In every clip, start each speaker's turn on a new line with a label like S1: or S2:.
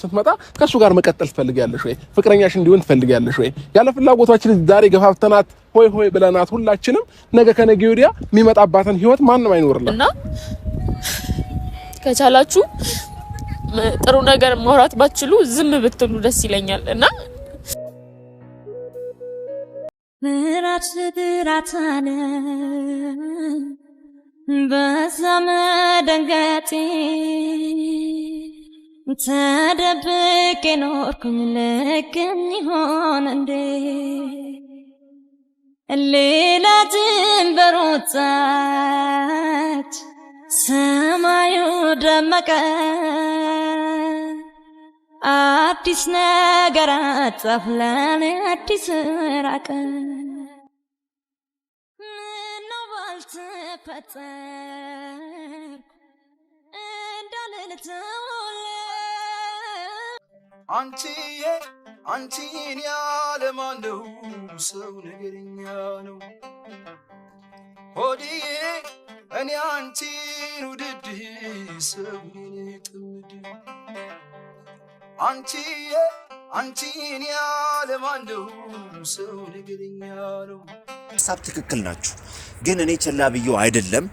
S1: ስትመጣ ከእሱ ጋር መቀጠል ትፈልጊያለሽ ወይ? ፍቅረኛሽ እንዲሆን ትፈልጊያለሽ ወይ? ያለ ፍላጎታችን ዛሬ ገፋፍተናት ሆይ ሆይ ብለናት ሁላችንም ነገ ከነገ ወዲያ የሚመጣባትን ህይወት ማንም አይኖርላት
S2: እና ከቻላችሁ ጥሩ ነገር ማውራት ባትችሉ ዝም ብትሉ ደስ ይለኛል እና ምራት ስድራት አለ በዛ መደንገጤ ተደብቄ ኖርኩኝ ልክን ይሆን እንዴ ሌላ ጀንበር ወጣች፣ ሰማዩ ደመቀ፣ አዲስ ነገር አጻፍ ለኔ አዲስ
S1: ራቀ ምነው ባልተፈጠርኩ እንዳልልተወ አንቺዬ አንቺን ያለማለው ሰው ነገረኛ ነው ሆድዬ እኔ አንቺን ውድድ ሰው ጥምድ አንቺዬ አንቺን ያለማለው ሰው ነገረኛ ነው። ሀሳብ ትክክል ናችሁ፣ ግን እኔ ችላ ብዬው አይደለም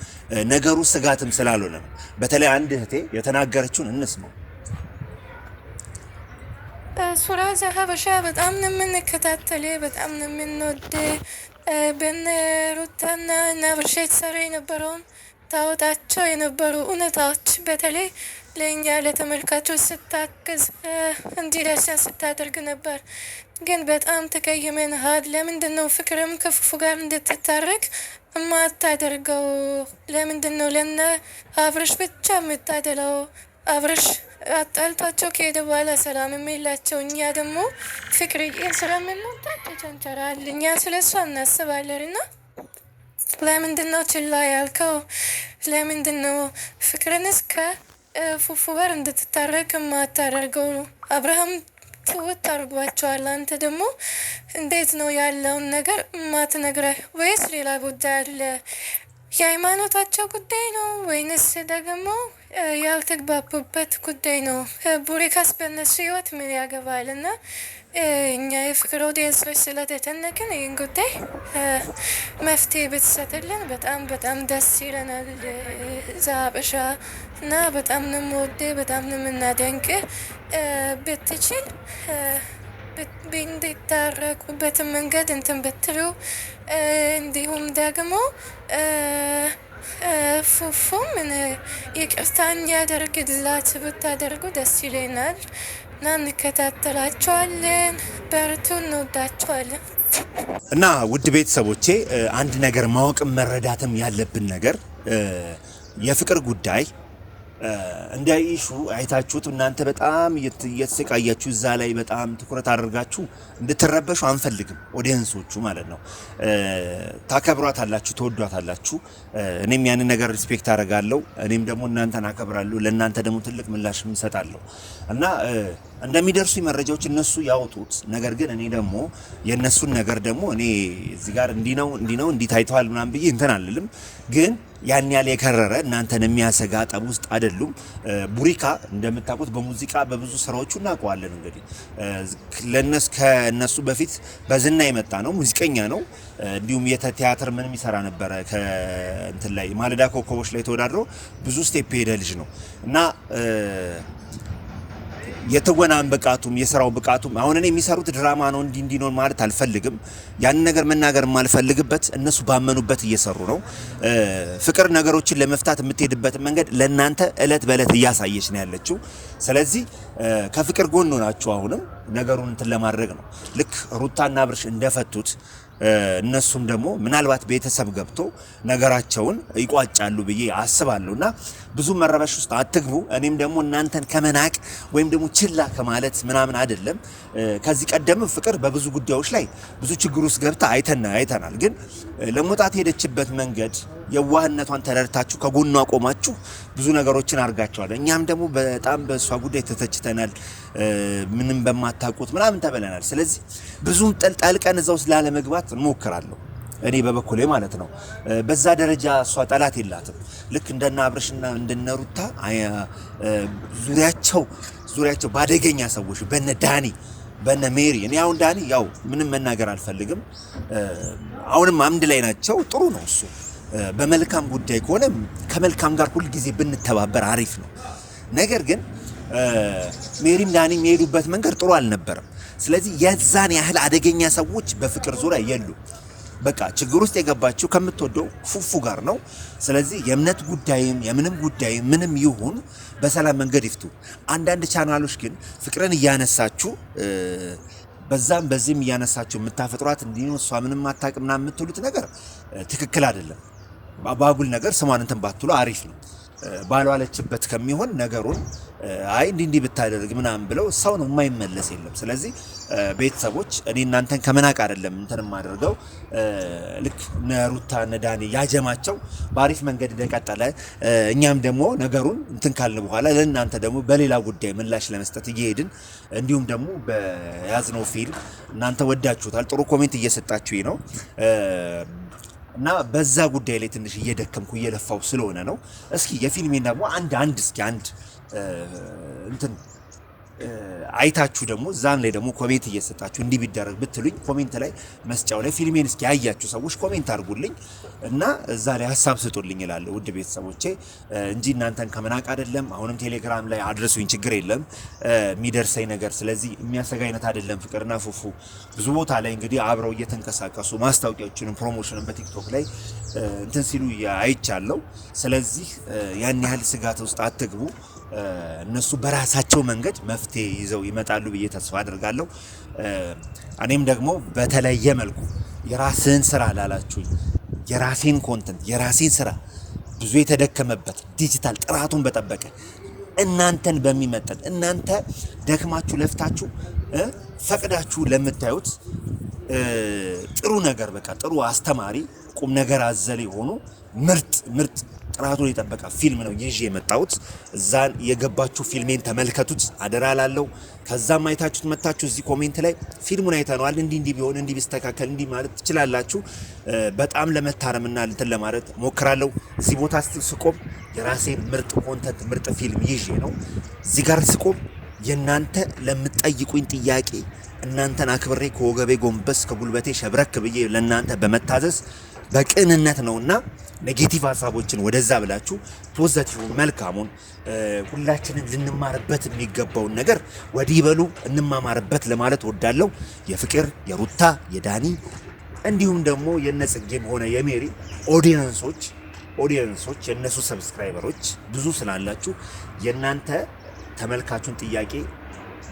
S1: ነገሩ ስጋትም ስላልሆነ ነው። በተለይ አንድ እህቴ የተናገረችውን እንስማው።
S2: ሱራዛ ሀበሻ በጣም ነው የምንከታተል፣ በጣም ነው የምንወድ። በነ ሩታና እና ብርሻ የተሰራ የነበረውን ታወጣቸው የነበሩ እውነታዎች በተለይ ለእኛ ለተመልካቾች ስታግዝ እንዲደርሰን ስታደርግ ነበር። ግን በጣም ተቀይመንሃል። ለምንድን ነው ፍቅርም ከፉፉ ጋር እንድትታረቅ እማታደርገው? ለምንድን ነው ለነ አብርሽ ብቻ የምታደለው? አብርሽ አጣልቷቸው ከሄደ በኋላ ሰላም የሚላቸው እኛ ደግሞ ፍቅርዬን ስለምንወጣ ተቸንቸራል። እኛ ስለ እሷ እናስባለን እና ለምንድን ነው ችላ ያልከው? ለምንድን ነው ፍቅርን እስከ ፉፉ ጋር እንድትታረቅ ማታደርገው? አብርሃም ትውት አድርጓቸዋል። አንተ ደግሞ እንዴት ነው ያለውን ነገር ማትነግረህ? ወይስ ሌላ ጉዳይ አለ? የሃይማኖታቸው ጉዳይ ነው ወይንስ ደግሞ ያልተግባቡበት ጉዳይ ነው? ቡሪካስ በእነሱ ህይወት ምን ያገባል? እና እኛ የፍቅር ኦዲየንሶች ስለተጨነቅን ይህን ጉዳይ መፍትሄ ብትሰጥልን በጣም በጣም ደስ ይለናል። ዛበሻ እና በጣም ነው በጣም ነው ብትችል እንዲታረቁበትን መንገድ እንትን ብትሉ እንዲሁም ደግሞ ፉፉም ይቅርታን ያደርግላት ብታደርጉ ደስ ይለናል እና እንከታተላቸዋለን። በርቱ፣ እንወዳቸዋለን።
S1: እና ውድ ቤተሰቦቼ አንድ ነገር ማወቅም መረዳትም ያለብን ነገር የፍቅር ጉዳይ እንደ ኢሹ አይታችሁት እናንተ በጣም እየተሰቃያችሁ እዛ ላይ በጣም ትኩረት አድርጋችሁ እንድትረበሹ አንፈልግም። ኦዲየንሶቹ ማለት ነው። ታከብሯት አላችሁ፣ ተወዷት አላችሁ። እኔም ያንን ነገር ሪስፔክት አደርጋለሁ። እኔም ደግሞ እናንተን አከብራለሁ። ለእናንተ ደግሞ ትልቅ ምላሽ እሰጣለሁ እና እንደሚደርሱ መረጃዎች እነሱ ያወጡት ነገር ግን እኔ ደግሞ የእነሱን ነገር ደግሞ እኔ እዚህ ጋር እንዲህ ነው እንዲህ ነው እንዲህ ታይተዋል ምናምን ብዬ እንትን አልልም ግን ያን ያህል የከረረ እናንተን የሚያሰጋ ጠብ ውስጥ አይደሉም። ቡሪካ እንደምታውቁት በሙዚቃ በብዙ ስራዎቹ እናውቀዋለን። እንግዲህ ለነሱ ከነሱ በፊት በዝና የመጣ ነው፣ ሙዚቀኛ ነው። እንዲሁም የቲያትር ምንም ይሰራ ነበረ። ከእንትን ላይ ማለዳ ኮከቦች ላይ ተወዳድሮ ብዙ ስቴፕ የሄደ ልጅ ነው እና የትወናን ብቃቱም የስራው ብቃቱም አሁን እኔ የሚሰሩት ድራማ ነው እንዲ ነው ማለት አልፈልግም። ያን ነገር መናገር የማልፈልግበት እነሱ ባመኑበት እየሰሩ ነው። ፍቅር ነገሮችን ለመፍታት የምትሄድበት መንገድ ለእናንተ እለት በእለት እያሳየች ነው ያለችው። ስለዚህ ከፍቅር ጎን ናችሁ። አሁንም ነገሩን እንትን ለማድረግ ነው ልክ ሩታና ብርሽ እንደፈቱት እነሱም ደግሞ ምናልባት ቤተሰብ ገብቶ ነገራቸውን ይቋጫሉ ብዬ አስባለሁ እና ብዙ መረበሽ ውስጥ አትግቡ። እኔም ደግሞ እናንተን ከመናቅ ወይም ደግሞ ችላ ከማለት ምናምን አይደለም። ከዚህ ቀደም ፍቅር በብዙ ጉዳዮች ላይ ብዙ ችግር ውስጥ ገብታ አይተና አይተናል። ግን ለመውጣት የሄደችበት መንገድ የዋህነቷን ተረድታችሁ ከጎኗ ቆማችሁ ብዙ ነገሮችን አድርጋችኋል። እኛም ደግሞ በጣም በእሷ ጉዳይ ተተችተናል። ምንም በማታውቁት ምናምን ተበለናል። ስለዚህ ብዙም ጠልቀን እዛ ውስጥ ላለመግባት እንሞክራለሁ። እኔ በበኩሌ ማለት ነው። በዛ ደረጃ እሷ ጠላት የላትም። ልክ እንደነ አብርሽና እንደነሩታ ዙሪያቸው ዙሪያቸው ባደገኛ ሰዎች በነ ዳኒ በነ ሜሪ። እኔ አሁን ዳኒ ያው ምንም መናገር አልፈልግም። አሁንም አምድ ላይ ናቸው። ጥሩ ነው እሱ በመልካም ጉዳይ ከሆነ ከመልካም ጋር ሁልጊዜ ብንተባበር አሪፍ ነው። ነገር ግን ሜሪም ዳኒ የሚሄዱበት መንገድ ጥሩ አልነበረም። ስለዚህ የዛን ያህል አደገኛ ሰዎች በፍቅር ዙሪያ የሉ። በቃ ችግር ውስጥ የገባችው ከምትወደው ፉፉ ጋር ነው። ስለዚህ የእምነት ጉዳይም የምንም ጉዳይ ምንም ይሁን በሰላም መንገድ ይፍቱ። አንዳንድ ቻናሎች ግን ፍቅርን እያነሳችሁ በዛም በዚህም እያነሳችሁ የምታፈጥሯት እንዲህ እሷ ምንም አታውቅም ምናምን የምትሉት ነገር ትክክል አይደለም። በአጉል ነገር ስሟን እንትን ባትሉ አሪፍ ነው። ባልዋለችበት ከሚሆን ነገሩን አይ እንዲህ እንዲህ ብታደርግ ምናምን ብለው ሰው ነው የማይመለስ የለም። ስለዚህ ቤተሰቦች እኔ እናንተን ከመናቅ አይደለም እንትን የማደርገው ልክ ነሩታ ነዳኒ ያጀማቸው በአሪፍ መንገድ እንደቀጠለ እኛም ደግሞ ነገሩን እንትን ካልን በኋላ ለእናንተ ደግሞ በሌላ ጉዳይ ምላሽ ለመስጠት እየሄድን እንዲሁም ደግሞ በያዝነው ፊልም እናንተ ወዳችሁታል፣ ጥሩ ኮሜንት እየሰጣችሁ ነው እና በዛ ጉዳይ ላይ ትንሽ እየደከምኩ እየለፋው ስለሆነ ነው። እስኪ የፊልሜን ደግሞ አንድ አንድ እስኪ አንድ እንትን አይታችሁ ደግሞ እዛም ላይ ደግሞ ኮሜንት እየሰጣችሁ እንዲህ ቢደረግ ብትሉኝ ኮሜንት ላይ መስጫው ላይ ፊልሜን እስኪ ያያችሁ ሰዎች ኮሜንት አድርጉልኝ እና እዛ ላይ ሀሳብ ስጡልኝ ይላለ ውድ ቤተሰቦቼ እንጂ እናንተን ከመናቅ አይደለም። አሁንም ቴሌግራም ላይ አድረሱኝ፣ ችግር የለም የሚደርሰኝ ነገር። ስለዚህ የሚያሰጋ አይነት አይደለም። ፍቅርና ፉፉ ብዙ ቦታ ላይ እንግዲህ አብረው እየተንቀሳቀሱ ማስታወቂያዎችንም ፕሮሞሽንን በቲክቶክ ላይ እንትን ሲሉ አይቻለሁ። ስለዚህ ያን ያህል ስጋት ውስጥ አትግቡ። እነሱ በራሳቸው መንገድ መፍትሄ ይዘው ይመጣሉ ብዬ ተስፋ አድርጋለሁ። እኔም ደግሞ በተለየ መልኩ የራስህን ስራ ላላችሁኝ የራሴን ኮንተንት የራሴን ስራ ብዙ የተደከመበት ዲጂታል ጥራቱን በጠበቀ እናንተን በሚመጠን እናንተ ደክማችሁ ለፍታችሁ ፈቅዳችሁ ለምታዩት ጥሩ ነገር በቃ ጥሩ አስተማሪ ቁም ነገር አዘል የሆኑ ምርጥ ምርጥ ጥራቱን የጠበቀ ፊልም ነው ይዤ የመጣሁት። እዛን የገባችሁ ፊልሜን ተመልከቱት አደራ ላለው። ከዛም አይታችሁት መታችሁ እዚህ ኮሜንት ላይ ፊልሙን አይተነዋል፣ እንዲህ እንዲህ ቢሆን እንዲህ ቢስተካከል እንዲህ ማለት ትችላላችሁ። በጣም ለመታረምና እንትን ለማለት ሞክራለሁ። እዚህ ቦታ ስቆም የራሴ ምርጥ ኮንተንት ምርጥ ፊልም ይዤ ነው እዚህ ጋር ስቆም የእናንተ ለምትጠይቁኝ ጥያቄ እናንተን አክብሬ ከወገቤ ጎንበስ ከጉልበቴ ሸብረክ ብዬ ለእናንተ በመታዘዝ በቅንነት ነውና ኔጌቲቭ ሀሳቦችን ወደዛ ብላችሁ ፖዘቲቭ መልካሙን ሁላችንን ልንማርበት የሚገባውን ነገር ወዲህ በሉ እንማማርበት ለማለት ወዳለው የፍቅር የሩታ የዳኒ እንዲሁም ደግሞ የነጽጌም ሆነ የሜሪ ኦዲየንሶች ኦዲየንሶች የእነሱ ሰብስክራይበሮች ብዙ ስላላችሁ የእናንተ ተመልካቹን ጥያቄ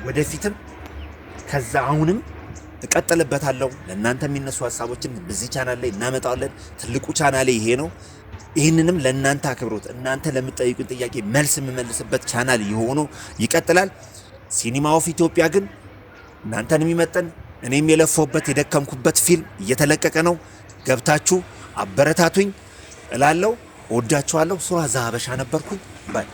S1: ወደፊትም ከዛ አሁንም እቀጥልበታለሁ። ለእናንተ የሚነሱ ሀሳቦችን በዚህ ቻናል ላይ እናመጣለን። ትልቁ ቻናል ይሄ ነው። ይህንንም ለእናንተ አክብሮት፣ እናንተ ለምትጠይቁን ጥያቄ መልስ የምመልስበት ቻናል የሆኖ ይቀጥላል። ሲኒማ ኦፍ ኢትዮጵያ ግን እናንተን የሚመጠን እኔም የለፈውበት የደከምኩበት ፊልም እየተለቀቀ ነው። ገብታችሁ አበረታቱኝ እላለሁ። እወዳችኋለሁ። ሱራ ዘሀበሻ ነበርኩኝ ባይ